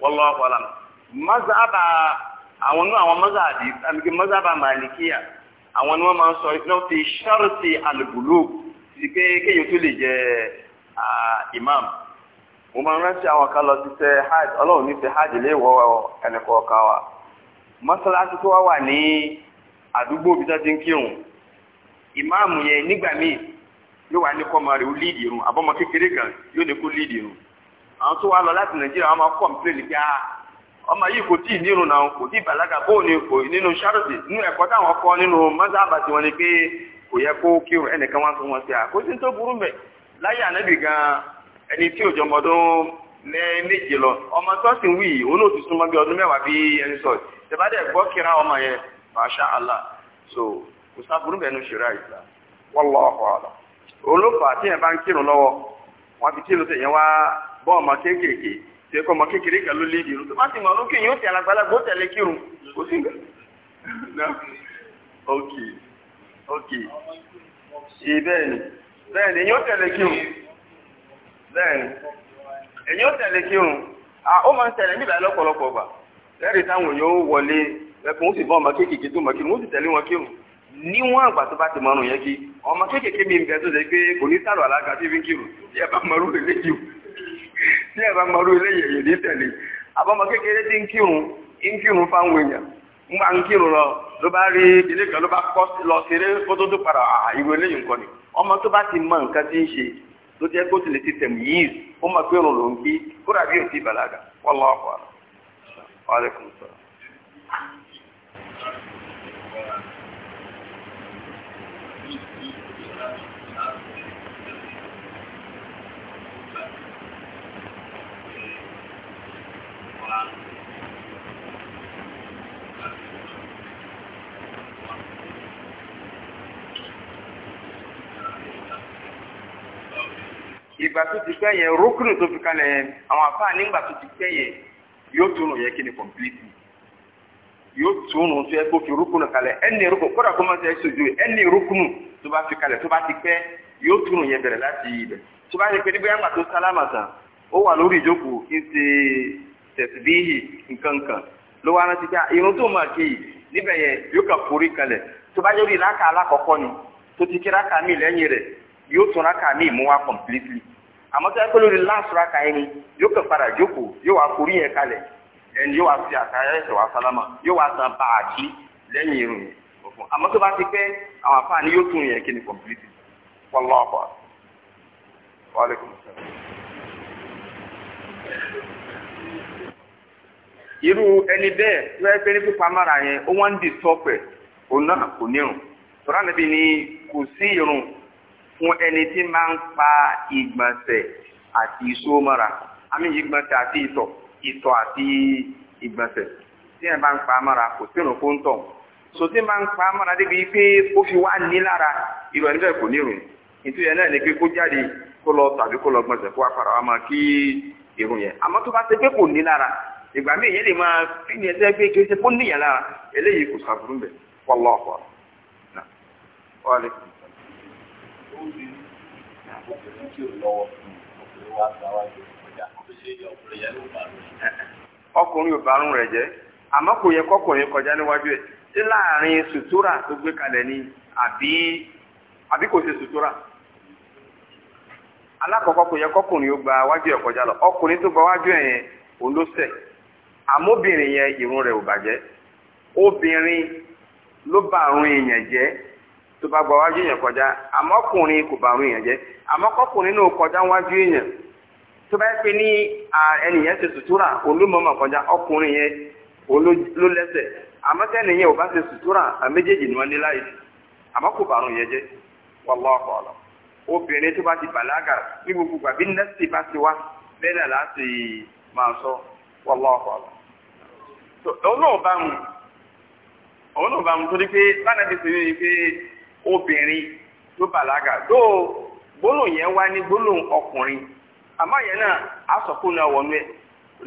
wallahu alam mazaba àwọn náà àwọn mazabi mazaba màlìkíyà àwọn ni wọ́n máa ń sọ náà fi ṣáàrùtì àlùbùlù sí imam mo máa ń rántí àwọn kan hajj ọlọ́run hajj le wọ ẹnìkọ̀ọ̀kan wa mọ́sálásí tó wà ní àdúgbò adugbo wọ́n yóò wá ní kọ́mọ rẹ̀ ó líìdì irun àbọ̀mọ kékeré kan yóò ní kó líìdì irun àwọn tó wá lọ láti nàìjíríà wọn máa kọ́ǹpléènì pé ah, ọmọ yìí kò tí ì nírun náà kò tí ì bàlágà bóun ni kò nínú charity nínú ẹ̀kọ́ táwọn kọ́ nínú mọ́sáàbà tí wọ́n ní pé kò yẹ kó kírun ẹnìkan wá fún wọn ah, sí àkóso tó gan ẹni tí òjò lọ ọmọ sọ́ọ̀sì wì òun ò ti súnmọ́ bí ọdún mẹ́wàá bí ẹni gbọ́ kíra ọmọ yẹn so kò sá olófà tí yẹn bá ń kírun lọ́wọ́ wọn ti kírun tẹ̀yẹn wá bọ́ kéékèèké tí ẹkọ ọmọ kékeré kan ló lé ìdìrún tó bá ti mọ̀ lókè yóò *laughs* ok ok yóò kírun èyí kírun ó máa ń lẹ́rìí táwọn yóò wọlé ẹkùn ó níwọ̀n àgbà tó bá ti mọ́rùn yẹn kí ọmọ kéékèèké mi bẹ̀ tó ṣe pé kò ní sàrò alága tí fi ń kírun tí ẹ bá mọ́rú eléyìí tí ẹ bá mọ́rú eléyìí èyí ní tẹ̀lé kékeré tí ń kírun ń kírun fáwọn èèyàn ń bá ń kírun lọ ló bá rí ilé kan ló bá kọ́ ni ọmọ tó bá ti mọ nǹkan tí ń ṣe jẹ́ kó tilẹ̀ ti ìgbà tó ti pẹ́ yẹn rókùnù tó fi kalẹ̀ yẹn àwọn àfáà nígbà tó ti pẹ́ yẹn yóò túnú yẹ kí ni kọ̀mpilíìtì yóò túnú tó yẹ kó fi rókùnù kalẹ̀ ẹni rókùnù kódà kó má ṣe sojú ẹni rókùnù tó bá fi kalẹ̀ tó bá ti pẹ́ yóò túnú yẹn bẹ̀rẹ̀ láti ibẹ̀ tó bá ti pẹ́ nígbà yẹn pàtó sálámà tán ó wà lórí ìjókòó ń tẹ̀síbíhì nkankan ló wá rántí ah, bá yóò tún rákà míì mú wá completely àmọ́ tó yẹ pé lórí ni yóò kẹ́ padà jókòó yóò wá yẹn kalẹ̀ ẹni yóò wá fi àtàyà ẹ̀sẹ̀ wá sálámà yóò wá san báàkì lẹ́yìn irun yẹn fún àmọ́ bá ti pẹ́ àwọn àfáàní yóò tún yẹn kí ni complete wallahu akbar wa alaikum assalam. irú ẹni bẹ́ẹ̀ tó yẹn ó di òun náà kò nírun fún ẹni tí máa ń pa ìgbọ̀nsẹ̀ àti ìṣó mọ́ra àmì ìgbọ̀nsẹ̀ àti ìtọ̀ ìtọ̀ àti ìgbọ̀nsẹ̀ tí ẹ bá ń pa mọ́ra kò sí ìrùn kó ń tọ̀ so tí máa ń pa mọ́ra débi pé ó fi wá ní lára irú ẹni bẹ́ẹ̀ kò ní ìrùn ẹ náà ni pé kó jáde kó lọ tàbí kó lọ gbọ̀nsẹ̀ kó wá fi obìnrin obìnrin tí ọkùnrin ọkùnrin rẹ̀ jẹ́ yẹ kọkùnrin kọjá níwájú ẹ̀ ṣé láàrin sutura tó gbé kalẹ̀ ni àbí àbí kò ṣe sutura. alákọ̀ọ́kọ́ kò yẹ kọkùnrin ó gba wájú kọjá lọ ọkùnrin tó gba wájú yẹn àmóbìnrin tó bá gba wájú èèyàn kọjá àmọ́kùnrin kò bá àwọn èèyàn jẹ́ náà kọjá wájú èèyàn tó bá pè ní ẹnìyẹn ṣe sùtúrà olúmọ̀mọ̀ kọjá ọkùnrin yẹn ló lẹ́sẹ̀ yẹn ò bá ṣe sùtúrà méjèèjì ni wọ́n ní láyé àmọ́ kò bá jẹ́ obìnrin tó obìnrin tó bàlágà tó gbólóhùn yẹn wá ní gbólóhùn ọkùnrin àmọ́ yẹn náà a náà wọnú ẹ̀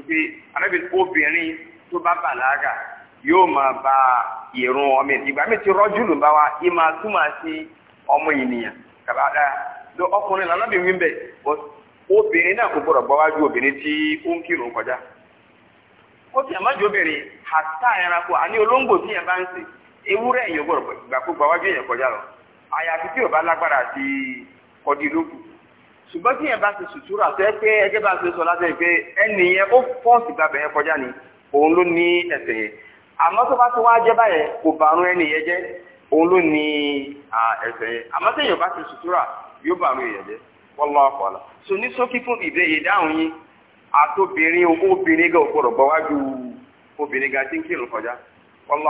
pé arábì obìnrin tó bá bàlágà yóò máa ba ìrun ọmọ ìgbà mi ti rọ́jú ló bá wa ìmọ̀ túmọ̀ sí ọmọ ènìyàn kàbá lọ ọkùnrin làlábì bẹ́ẹ̀ obìnrin náà kò gbọ́dọ̀ gbọ́ wájú obìnrin tí ó ń kírun kọjá ó ti obìnrin àní olóńgbò tí ewúrẹ́ yìí gbọ́dọ̀ gbàgbọ́gbà wájú èèyàn kọjá lọ àyàfi tí o bá lágbára ti kọdí lókù ṣùgbọ́n tí yẹn bá ti sùtúrà tó ẹ pé ẹgbẹ́ bá ti sọ láti ẹ̀ pé ẹnì yẹn ó fọ́ọ̀sì gbàgbẹ́ yẹn kọjá ni òun ló ní ẹsẹ̀ yẹn àmọ́ tó bá wá jẹ́ báyẹn kò bàrún ẹnì yẹn jẹ́ òun ló ní ẹsẹ̀ yẹn àmọ́ tí yẹn bá ti sùtúrà yóò bàrún yẹn jẹ́ so ní sókí fún